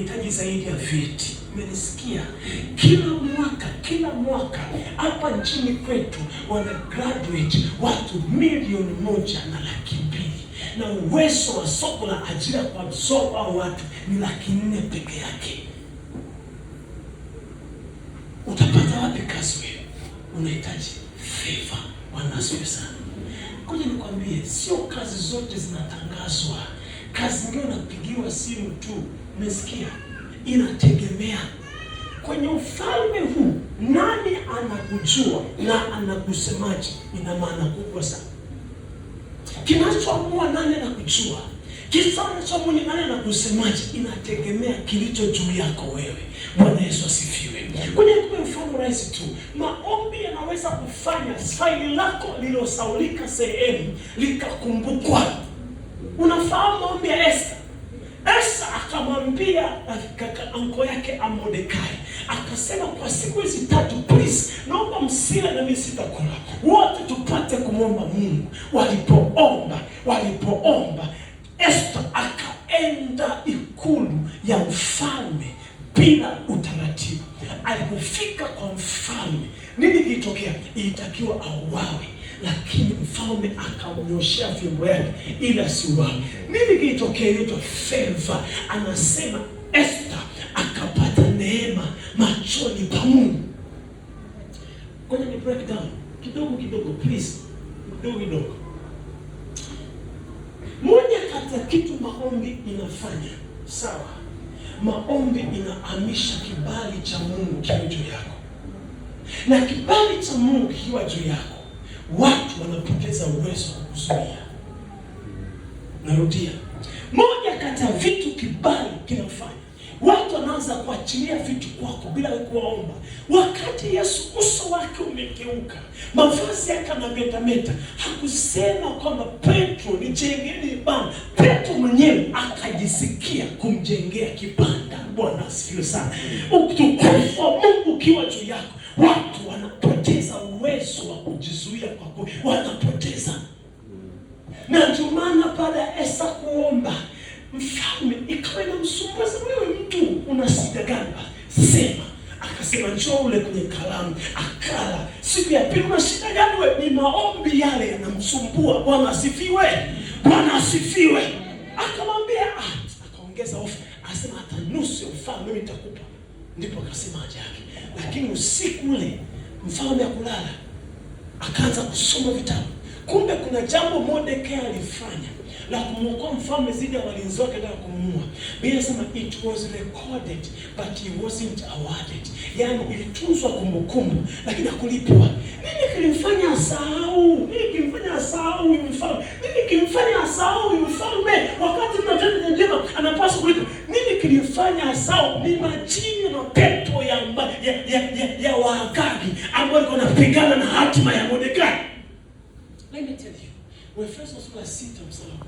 tunahitaji zaidi ya vyeti. Umenisikia? Kila mwaka kila mwaka hapa nchini kwetu wana graduate watu milioni moja na laki mbili na uwezo wa soko la ajira kwa absorb au watu ni laki nne peke yake. Utapata wapi kazi wewe? Unahitaji favor. Bwana sana. Ngoja nikwambie, sio kazi zote zinatangazwa kazi ndio napigiwa simu tu, umesikia? Inategemea kwenye ufalme huu nani anakujua na anakusemaje, ina maana kubwa sana. Kinachoamua nani anakujua, kinachoamua nani anakusemaje, inategemea kilicho juu yako wewe. Bwana Yesu asifiwe. Kwenye mfano rahisi tu, maombi yanaweza kufanya faili lako lilosaulika sehemu likakumbukwa. Unafahamu maombi ya Esta? Esta akamwambia kaka anko yake Amodekai, akasema kwa siku hizi tatu, please naomba msile na mimi sitakula. Wote tupate kumwomba Mungu. Walipoomba, walipoomba Esta akaenda ikulu ya mfalme bila utaratibu. Alipofika kwa mfalme, nini kilitokea? Ilitakiwa auawe lakini mfalme akamnyoshea fimbo yake ili asiuawe. Nini kilitokea? Inaitwa favor. Anasema Esther akapata neema machoni pa Mungu. Kwenye ni down kidogo kidogo, please, kidogo kidogo. Moja kati ya kitu maombi inafanya sawa, maombi inaamisha kibali cha Mungu kiwe juu yako, na kibali cha Mungu kiwa juu yako watu wanapoteza uwezo wa kuzuia. Narudia, moja kati ya vitu kibali kinafanya watu wanaanza kuachilia vitu kwako bila kuwaomba. Wakati Yesu uso wake umegeuka, mavazi yake anametameta, hakusema kwamba Petro, nijengeni ibanda. Petro mwenyewe akajisikia kumjengea kibanda. Bwana asifiwe sana. Utukufu wa Mungu ukiwa juu yako Watu wanapoteza uwezo wa kujizuia kwa kwe, wanapoteza na ndio maana baada ya Esa kuomba mfalme ikawa na msumbua, sema wewe mtu una shida gani? Sema. Akasema njoo ule kwenye kalamu, akala. Siku ya pili, una shida gani wewe? Ni maombi yale yanamsumbua. Bwana asifiwe, Bwana asifiwe. Akamwambia, ah, akaongeza hofu, asema hata nusu ya ufalme mimi nitakupa ndipo akasema haja yake. Lakini usiku ule mfalme akulala, akaanza kusoma vitabu. Kumbe kuna jambo Mordekai alifanya la kumwokoa mfalme zidi ya walinzi wake na kumuua. Biblia inasema it was recorded but he wasn't awarded, yani ilitunzwa kumbukumbu lakini hakulipwa. Nini kilimfanya asahau? Nini kilimfanya asahau mfalme? Nini kilimfanya asahau mfalme wakati tunatenda walifanya sawa ni majina mapepo ya, ya, ya, ya, ya Waagagi ambao walikuwa wanapigana na hatima ya Mordekai. Let me tell you, Waefeso sura sita mstari